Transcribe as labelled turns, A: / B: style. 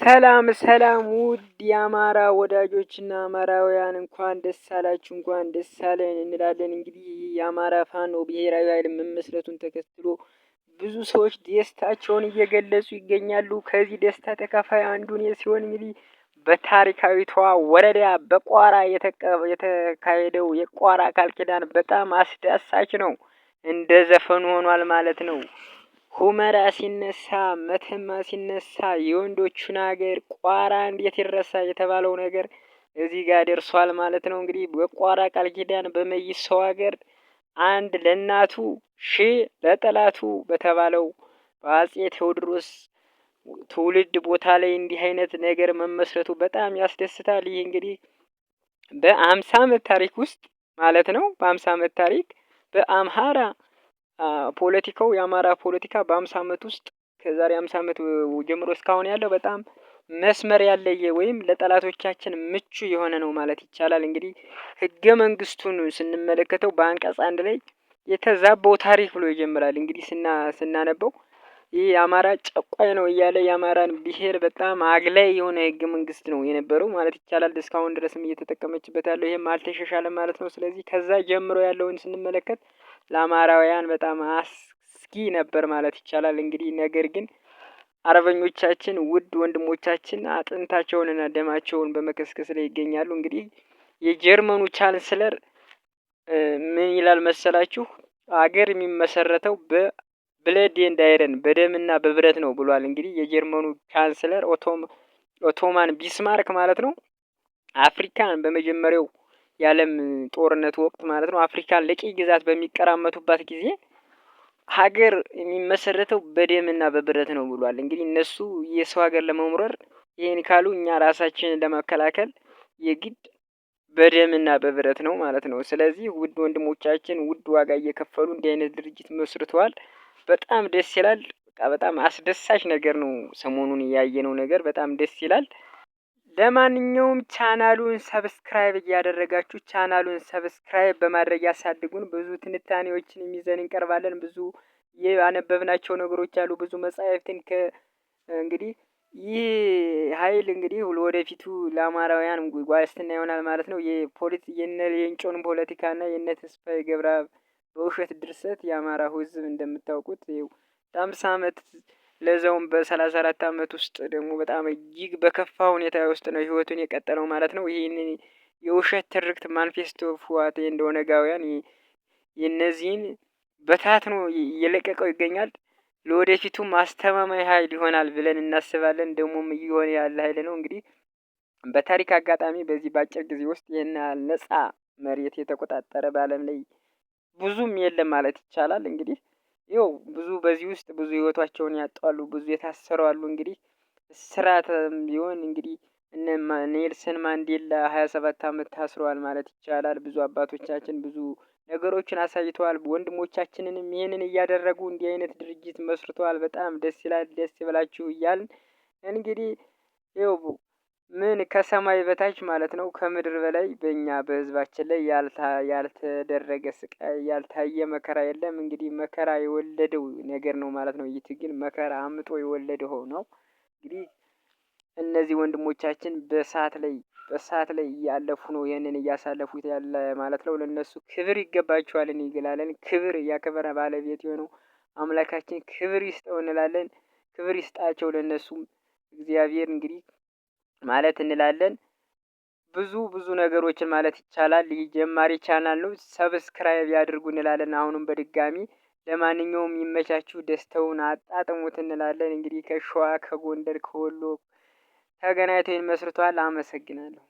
A: ሰላም ሰላም ውድ የአማራ ወዳጆችና አማራውያን እንኳን ደስ አላችሁ እንኳን ደስ አለን እንላለን። እንግዲህ የአማራ ፋኖ ብሔራዊ ኃይል መመስረቱን ተከትሎ ብዙ ሰዎች ደስታቸውን እየገለጹ ይገኛሉ። ከዚህ ደስታ ተካፋይ አንዱን ሲሆን እንግዲህ በታሪካዊቷ ወረዳ በቋራ የተካሄደው የቋራ ቃል ኪዳን በጣም አስደሳች ነው። እንደ ዘፈኑ ሆኗል ማለት ነው። ሁመራ ሲነሳ መተማ ሲነሳ የወንዶቹን ሀገር ቋራ እንዴት ይረሳ የተባለው ነገር እዚህ ጋር ደርሷል ማለት ነው። እንግዲህ በቋራ ቃል ኪዳን ሰው ሀገር አንድ ለእናቱ ሺ ለጠላቱ በተባለው በአጼ ቴዎድሮስ ትውልድ ቦታ ላይ እንዲህ አይነት ነገር መመስረቱ በጣም ያስደስታል። ይህ እንግዲህ በአምሳ ዓመት ታሪክ ውስጥ ማለት ነው። በአምሳ ዓመት ታሪክ በአምሃራ ፖለቲካው የአማራ ፖለቲካ በአምሳ ዓመት ውስጥ ከዛሬ አምሳ ዓመት ጀምሮ እስካሁን ያለው በጣም መስመር ያለየ ወይም ለጠላቶቻችን ምቹ የሆነ ነው ማለት ይቻላል። እንግዲህ ህገ መንግስቱን ስንመለከተው በአንቀጽ አንድ ላይ የተዛባው ታሪክ ብሎ ይጀምራል። እንግዲህ ስና ስናነበው ይህ የአማራ ጨቋይ ነው እያለ የአማራን ብሔር በጣም አግላይ የሆነ ህገ መንግስት ነው የነበረው ማለት ይቻላል። እስካሁን ድረስም እየተጠቀመችበት ያለው ይህም አልተሻሻለም ማለት ነው። ስለዚህ ከዛ ጀምሮ ያለውን ስንመለከት ለአማራውያን በጣም አስጊ ነበር ማለት ይቻላል። እንግዲህ ነገር ግን አርበኞቻችን ውድ ወንድሞቻችን አጥንታቸውንና ደማቸውን በመከስከስ ላይ ይገኛሉ። እንግዲህ የጀርመኑ ቻንስለር ምን ይላል መሰላችሁ? አገር የሚመሰረተው በብለድ ኤንድ አይረን በደምና በብረት ነው ብሏል። እንግዲህ የጀርመኑ ቻንስለር ኦቶማን ቢስማርክ ማለት ነው አፍሪካን በመጀመሪያው የዓለም ጦርነት ወቅት ማለት ነው አፍሪካን ለቅኝ ግዛት በሚቀራመቱባት ጊዜ ሀገር የሚመሰረተው በደምና በብረት ነው ብሏል። እንግዲህ እነሱ የሰው ሀገር ለመምረር ይህን ካሉ እኛ ራሳችንን ለመከላከል የግድ በደምና በብረት ነው ማለት ነው። ስለዚህ ውድ ወንድሞቻችን ውድ ዋጋ እየከፈሉ እንዲህ አይነት ድርጅት መስርተዋል። በጣም ደስ ይላል። በቃ በጣም አስደሳች ነገር ነው። ሰሞኑን ያየነው ነገር በጣም ደስ ይላል። ለማንኛውም ቻናሉን ሰብስክራይብ እያደረጋችሁ ቻናሉን ሰብስክራይብ በማድረግ ያሳድጉን። ብዙ ትንታኔዎችን የሚዘን እንቀርባለን። ብዙ ያነበብናቸው ነገሮች አሉ። ብዙ መጻሕፍትን እንግዲህ ይህ ኃይል እንግዲህ ወደፊቱ ለአማራውያን ዋስትና ይሆናል ማለት ነው። የፖሊት የእንጮን ፖለቲካ ፖለቲካና የነ ተስፋዬ ገብረአብ በውሸት ድርሰት የአማራ ሕዝብ እንደምታውቁት በጣም ዓመት ለዛውም በሰላሳ አራት አመት ውስጥ ደግሞ በጣም እጅግ በከፋ ሁኔታ ውስጥ ነው ህይወቱን የቀጠለው ማለት ነው። ይህንን የውሸት ትርክት ማንፌስቶ ፉዋቴ እንደሆነ ጋውያን የእነዚህን በታትኖ እየለቀቀው ይገኛል። ለወደፊቱ ማስተማማኝ ኃይል ይሆናል ብለን እናስባለን። ደግሞም እየሆነ ያለ ኃይል ነው። እንግዲህ በታሪክ አጋጣሚ በዚህ በአጭር ጊዜ ውስጥ ይህን ነጻ መሬት የተቆጣጠረ በዓለም ላይ ብዙም የለም ማለት ይቻላል እንግዲህ ይኸው ብዙ በዚህ ውስጥ ብዙ ህይወታቸውን ያጣሉ፣ ብዙ የታሰሩ አሉ እንግዲህ እስራትም ቢሆን እንግዲህ እነ ኔልሰን ማንዴላ ሃያ ሰባት አመት ታስረዋል ማለት ይቻላል። ብዙ አባቶቻችን ብዙ ነገሮችን አሳይተዋል ወንድሞቻችንንም ይህንን እያደረጉ እንዲህ አይነት ድርጅት መስርተዋል በጣም ደስ ይላል ደስ ይበላችሁ እያልን እንግዲህ ይኸው ምን ከሰማይ በታች ማለት ነው ከምድር በላይ በእኛ በህዝባችን ላይ ያልተደረገ ስቃይ ያልታየ መከራ የለም። እንግዲህ መከራ የወለደው ነገር ነው ማለት ነው። ይህ ትግል መከራ አምጦ የወለደ የወለደው ነው። እንግዲህ እነዚህ ወንድሞቻችን በሰዓት ላይ በሰዓት ላይ እያለፉ ነው ይህንን እያሳለፉት ያለ ማለት ነው። ለእነሱ ክብር ይገባቸዋል እንላለን። ክብር ያከበረ ባለቤት የሆነው አምላካችን ክብር ይስጠው እንላለን። ክብር ይስጣቸው ለእነሱም እግዚአብሔር እንግዲህ ማለት እንላለን። ብዙ ብዙ ነገሮችን ማለት ይቻላል። ጀማሪ ቻናል ነው። ሰብስክራይብ ያድርጉ እንላለን። አሁንም በድጋሚ ለማንኛውም ይመቻችሁ፣ ደስተውን አጣጥሙት እንላለን። እንግዲህ ከሸዋ ከጎንደር ከወሎ ተገናኝተን መስርቷል። አመሰግናለሁ።